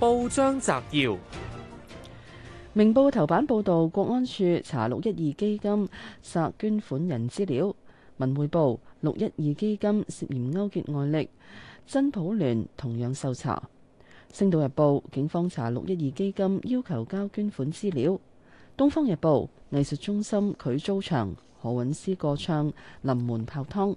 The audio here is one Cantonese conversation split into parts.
報章摘要：明報頭版報道國安處查六一二基金，查捐款人資料。文匯報六一二基金涉嫌勾結外力，真普聯同樣受查。星島日報警方查六一二基金，要求交捐款資料。東方日報藝術中心拒租場，何韻詩個唱臨門泡湯。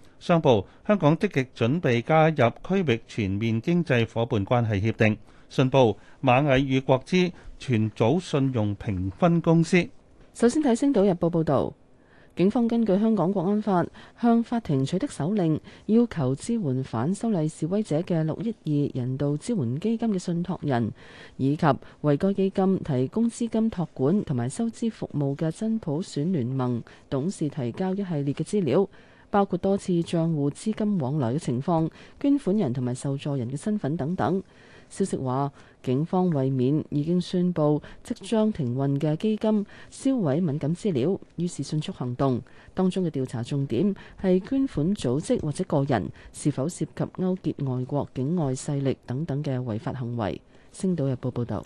商報：香港積極準備加入區域全面經濟夥伴關係協定。信報：螞蟻與國資全組信用評分公司。首先睇《星島日報》報導，警方根據香港國安法向法庭取得手令，要求支援反修例示威者嘅六一二人道支援基金嘅信託人，以及為該基金提供資金託管同埋收支服務嘅真普選聯盟董事提交一系列嘅資料。包括多次賬戶資金往來嘅情況、捐款人同埋受助人嘅身份等等。消息話，警方為免已經宣佈即將停運嘅基金銷毀敏感資料，於是迅速行動。當中嘅調查重點係捐款組織或者個人是否涉及勾結外國境外勢力等等嘅違法行為。星島日報報道。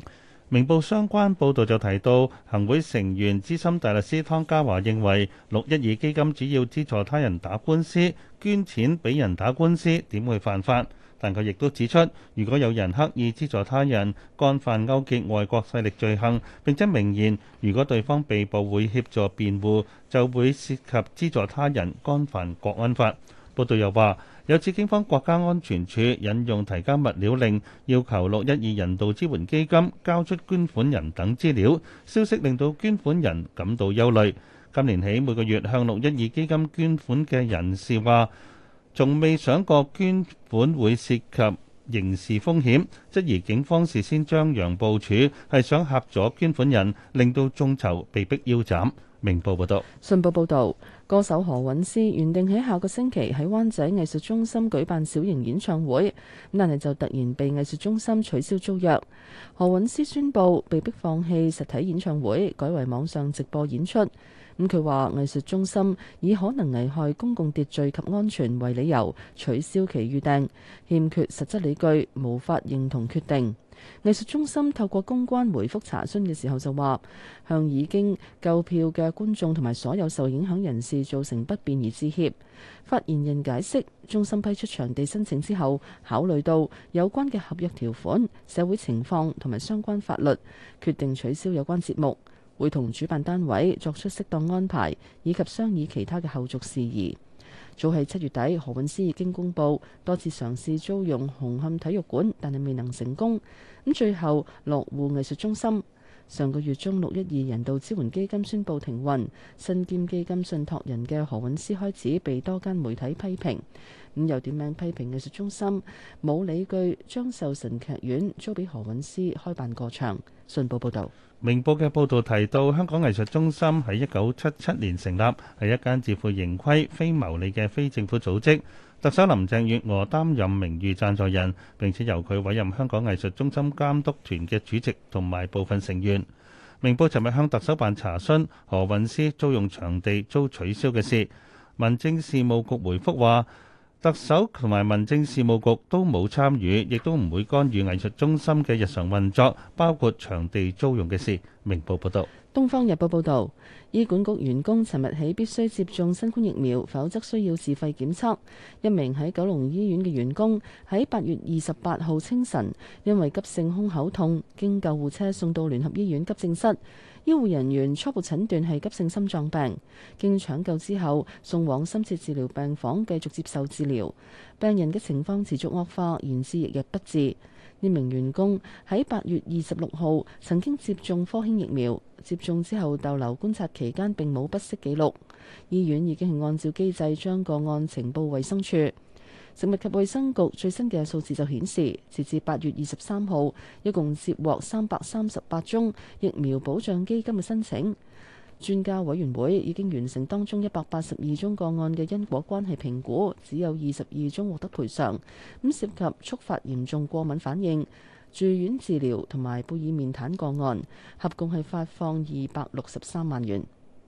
明報相關報導就提到，行會成員資深大律師湯家驊認為，六一二基金主要資助他人打官司、捐錢俾人打官司，點會犯法？但佢亦都指出，如果有人刻意資助他人干犯勾結外國勢力罪行，並且明言，如果對方被捕會協助辯護，就會涉及資助他人干犯國安法。報導又話：有次警方國家安全處引用提交物料令，要求六一二人道支援基金交出捐款人等資料，消息令到捐款人感到憂慮。今年起每個月向六一二基金捐款嘅人士話，從未想過捐款會涉及刑事風險，質疑警方事先張揚部署係想嚇咗捐款人，令到眾籌被逼腰斬，明報報道，信報報道。歌手何韻詩原定喺下個星期喺灣仔藝術中心舉辦小型演唱會，咁但係就突然被藝術中心取消租約，何韻詩宣佈被迫放棄實體演唱會，改為網上直播演出。咁佢話：藝術中心以可能危害公共秩序及安全為理由取消其預定，欠缺實質理據，無法認同決定。藝術中心透過公關回覆查詢嘅時候就話，向已經購票嘅觀眾同埋所有受影響人士造成不便而致歉。發言人解釋，中心批出場地申請之後，考慮到有關嘅合約條款、社會情況同埋相關法律，決定取消有關節目，會同主辦單位作出適當安排，以及商議其他嘅後續事宜。早喺七月底，何韻詩已經公布多次嘗試租用紅磡體育館，但係未能成功。咁最後，落戶藝術中心。上個月中，六一二人道支援基金宣布停運，信建基金信託人嘅何韻詩開始被多間媒體批評，咁又點名批評藝術中心冇理據將壽臣劇院租俾何韻詩開辦個場。信報報道：明報嘅報導提到，香港藝術中心喺一九七七年成立，係一間自負盈虧、非牟利嘅非政府組織。特首林鄭月娥擔任名譽贊助人，並且由佢委任香港藝術中心監督團嘅主席同埋部分成員。明報尋日向特首辦查詢何韻詩租用場地遭取消嘅事，民政事務局回覆話，特首同埋民政事務局都冇參與，亦都唔會干預藝術中心嘅日常運作，包括場地租用嘅事。明報報道。《東方日報》報導，醫管局員工尋日起必須接種新冠疫苗，否則需要自費檢測。一名喺九龍醫院嘅員工喺八月二十八號清晨，因為急性胸口痛，經救護車送到聯合醫院急症室，醫護人員初步診斷係急性心臟病，經搶救之後送往深切治療病房繼續接受治療。病人嘅情況持續惡化，延至翌日不治。呢名員工喺八月二十六號曾經接種科興疫苗，接種之後逗留觀察期間並冇不適記錄。醫院已經係按照機制將個案呈報衛生署。食物及衛生局最新嘅數字就顯示，截至八月二十三號，一共接獲三百三十八宗疫苗保障基金嘅申請。專家委員會已經完成當中一百八十二宗個案嘅因果關係評估，只有二十二宗獲得賠償。咁涉及觸發嚴重過敏反應、住院治療同埋貝爾面癱個案，合共係發放二百六十三萬元。《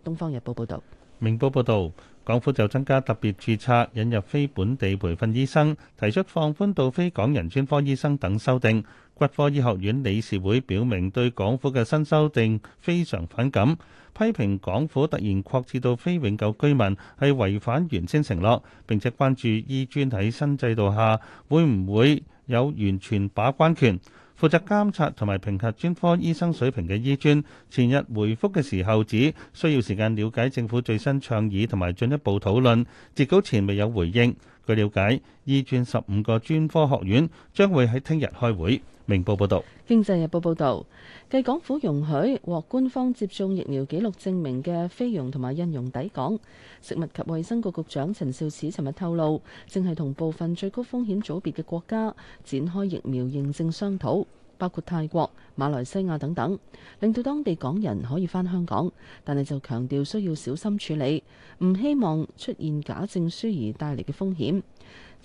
東方日報》報道。《明報》報導。港府就增加特別註冊、引入非本地培訓醫生、提出放寬到非港人專科醫生等修訂。骨科醫學院理事會表明對港府嘅新修訂非常反感，批評港府突然擴設到非永久居民係違反原先承諾，並且關注醫專喺新制度下會唔會有完全把關權。負責監察同埋評核專科醫生水平嘅醫專，前日回覆嘅時候指需要時間了解政府最新倡議同埋進一步討論，截稿前未有回應。據了解，醫專十五個專科學院將會喺聽日開會。明報報導，《經濟日報》報導，繼港府容許獲官方接種疫苗記錄證明嘅菲傭同埋印傭抵港，食物及衛生局局長陳肇始尋日透露，正係同部分最高風險組別嘅國家展開疫苗認證商討，包括泰國、馬來西亞等等，令到當地港人可以返香港，但係就強調需要小心處理，唔希望出現假證書而帶嚟嘅風險。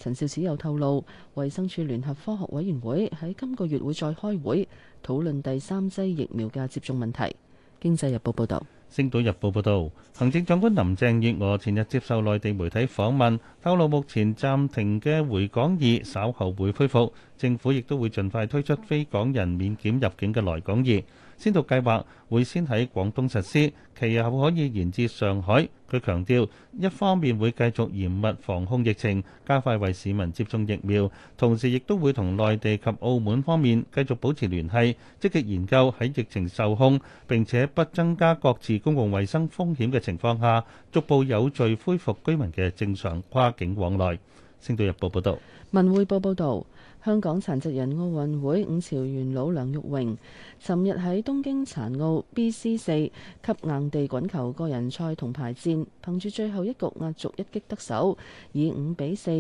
陳肇始又透露，衛生署聯合科學委員會喺今個月會再開會討論第三劑疫苗嘅接種問題。經濟日報報導，星島日報報導，行政長官林鄭月娥前日接受內地媒體訪問，透露目前暫停嘅回港易稍後會恢復，政府亦都會盡快推出非港人免檢入境嘅來港易。先導計劃會先喺廣東實施，其後可以延至上海。佢強調，一方面會繼續嚴密防控疫情，加快為市民接種疫苗，同時亦都會同內地及澳門方面繼續保持聯繫，積極研究喺疫情受控並且不增加各自公共衛生風險嘅情況下，逐步有序恢復居民嘅正常跨境往來。星島日報報導，文匯報報導。香港殘疾人奧運會五朝元老梁玉榮，尋日喺東京殘奧 B C 四級硬地滾球個人賽銅牌戰，憑住最後一局壓軸一擊得手，以五比四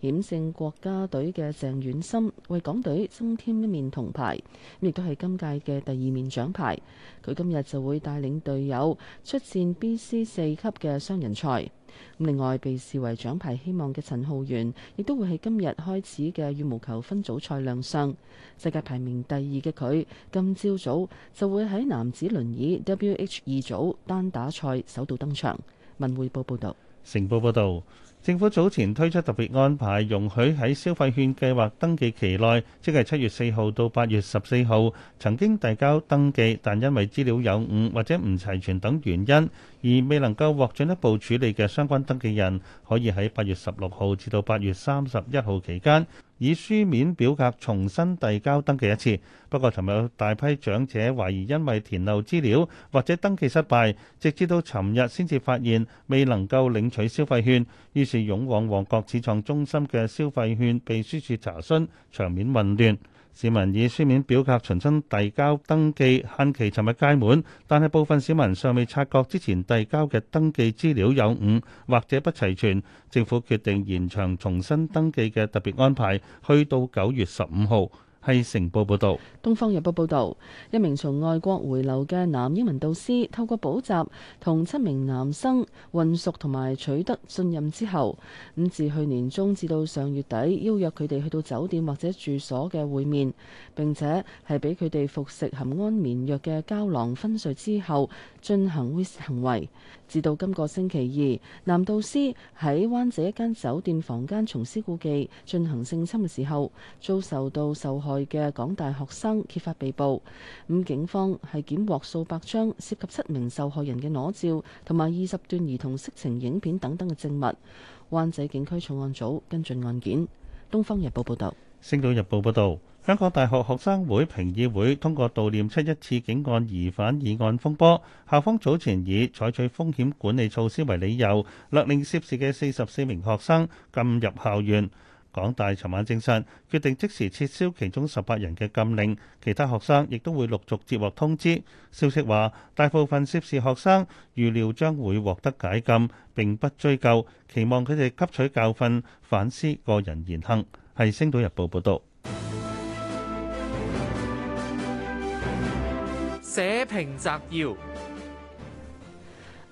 險勝國家隊嘅鄭遠森，為港隊增添一面銅牌，亦都係今屆嘅第二面獎牌。佢今日就會帶領隊友出戰 B C 四級嘅雙人賽。另外，被視為獎牌希望嘅陳浩源，亦都會喺今日開始嘅羽毛球分組賽亮相。世界排名第二嘅佢，今朝早就會喺男子輪椅 WH 二組單打賽首度登場。文匯報報道。城報報道。政府早前推出特別安排，容許喺消費券計劃登記期內，即係七月四號到八月十四號，曾經遞交登記，但因為資料有誤或者唔齊全等原因而未能夠獲進一步處理嘅相關登記人，可以喺八月十六號至到八月三十一號期間，以書面表格重新遞交登記一次，不過尋日有大批長者懷疑因為填漏資料或者登記失敗，直至到尋日先至發現未能夠領取消費券，於是湧往旺角始創中心嘅消費券秘書處查詢，場面混亂。市民以書面表格重新遞交登記，限期尋日屆滿，但係部分市民尚未察覺之前遞交嘅登記資料有誤或者不齊全，政府決定延長重新登記嘅特別安排，去到九月十五號。係《成報》報道，《東方日報》報道，一名從外國回流嘅男英文導師，透過補習同七名男生混熟同埋取得信任之後，咁自去年中至到上月底，邀約佢哋去到酒店或者住所嘅會面，並且係俾佢哋服食含安眠藥嘅膠囊昏睡之後，進行猥褻行為。至到今個星期二，男導師喺灣仔一間酒店房間重施故技進行性侵嘅時候，遭受到受害嘅港大學生揭發被捕。咁警方係檢獲數百張涉及七名受害人嘅裸照，同埋二十段兒童色情影片等等嘅證物。灣仔警區重案組跟進案件。《東方日報》報導，《星島日報》報道：香港大學學生會評議會通過悼念七一次警案疑犯議案風波，校方早前以採取風險管理措施為理由，勒令涉事嘅四十四名學生禁入校園。港大尋晚證實決定即時撤銷其中十八人嘅禁令，其他學生亦都會陸續接獲通知。消息話，大部分涉事學生預料將會獲得解禁，並不追究，期望佢哋吸取教訓，反思個人言行。係《星島日報》報導。社評摘要。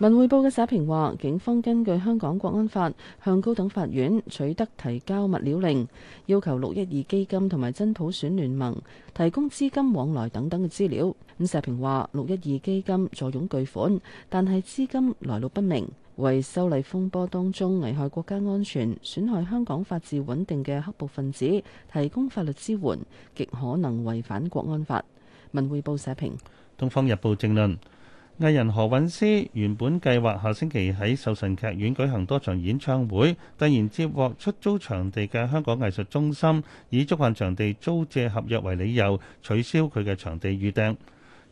文匯報嘅社評話，警方根據香港國安法向高等法院取得提交物料令，要求六一二基金同埋真普選聯盟提供資金往來等等嘅資料。咁社評話，六一二基金坐擁巨款，但係資金來路不明，為修例風波當中危害國家安全、損害香港法治穩定嘅黑暴分子提供法律支援，極可能違反國安法。文匯報社評，《東方日報》正論。藝人何韻詩原本計劃下星期喺壽臣劇院舉行多場演唱會，突然接獲出租場地嘅香港藝術中心以觸犯場地租借合約為理由取消佢嘅場地預訂。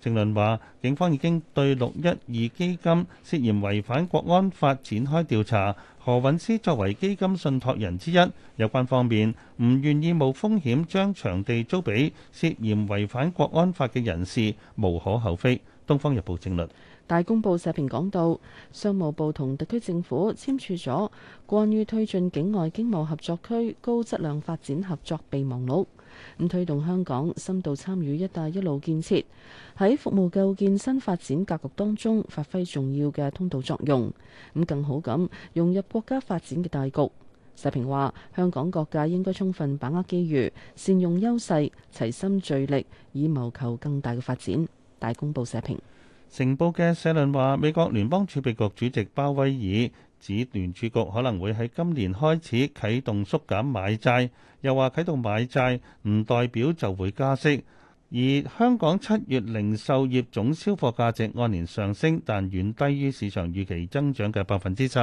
正論話，警方已經對六一二基金涉嫌違反國安法展開調查，何韻詩作為基金信託人之一，有關方面唔願意冒風險將場地租俾涉嫌違反國安法嘅人士，無可厚非。《東方日報政論》政律大公報社評講到，商務部同特區政府簽署咗關於推進境外經貿合作區高質量發展合作備忘錄，咁推動香港深度參與「一帶一路」建設，喺服務構建新發展格局當中發揮重要嘅通道作用，咁更好咁融入國家發展嘅大局。社評話，香港各界應該充分把握機遇，善用優勢，齊心聚力，以謀求更大嘅發展。大公報社評，成報嘅社論話：美國聯邦儲備局主席鮑威爾指聯儲局可能會喺今年開始啟動縮減買債，又話啟動買債唔代表就會加息。而香港七月零售業總銷貨價值按年上升，但遠低於市場預期增長嘅百分之十。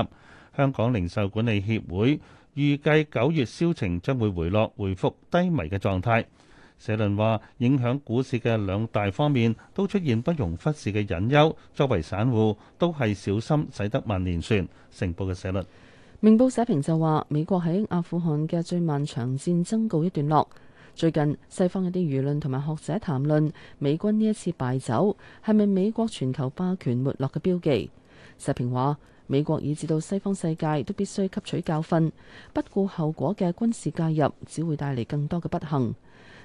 香港零售管理協會預計九月銷情將會回落，回復低迷嘅狀態。社論話，影響股市嘅兩大方面都出現不容忽視嘅隱憂，作為散戶都係小心駛得萬年船。成報嘅社論，明報社評就話，美國喺阿富汗嘅最漫長戰爭告一段落。最近西方有啲輿論同埋學者談論美軍呢一次敗走係咪美國全球霸權沒落嘅標記？社評話，美國以至到西方世界都必須吸取教訓，不顧後果嘅軍事介入只會帶嚟更多嘅不幸。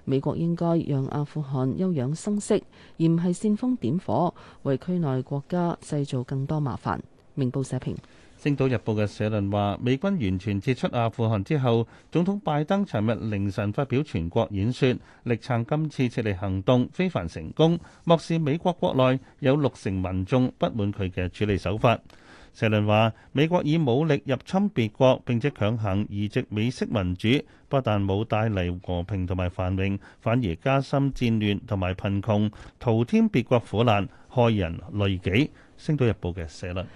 美國應該讓阿富汗休養生息，而唔係煽風點火，為區內國家製造更多麻煩。明報社評。《星島日報》嘅社論話，美軍完全撤出阿富汗之後，總統拜登尋日凌晨發表全國演說，力撐今次撤離行動非凡成功。漠視美國國內有六成民眾不滿佢嘅處理手法。社論話：美國以武力入侵別國，並且強行移植美式民主，不但冇帶嚟和平同埋繁榮，反而加深戰亂同埋貧窮，徒添別國苦難，害人累己。《星島日報》嘅社論。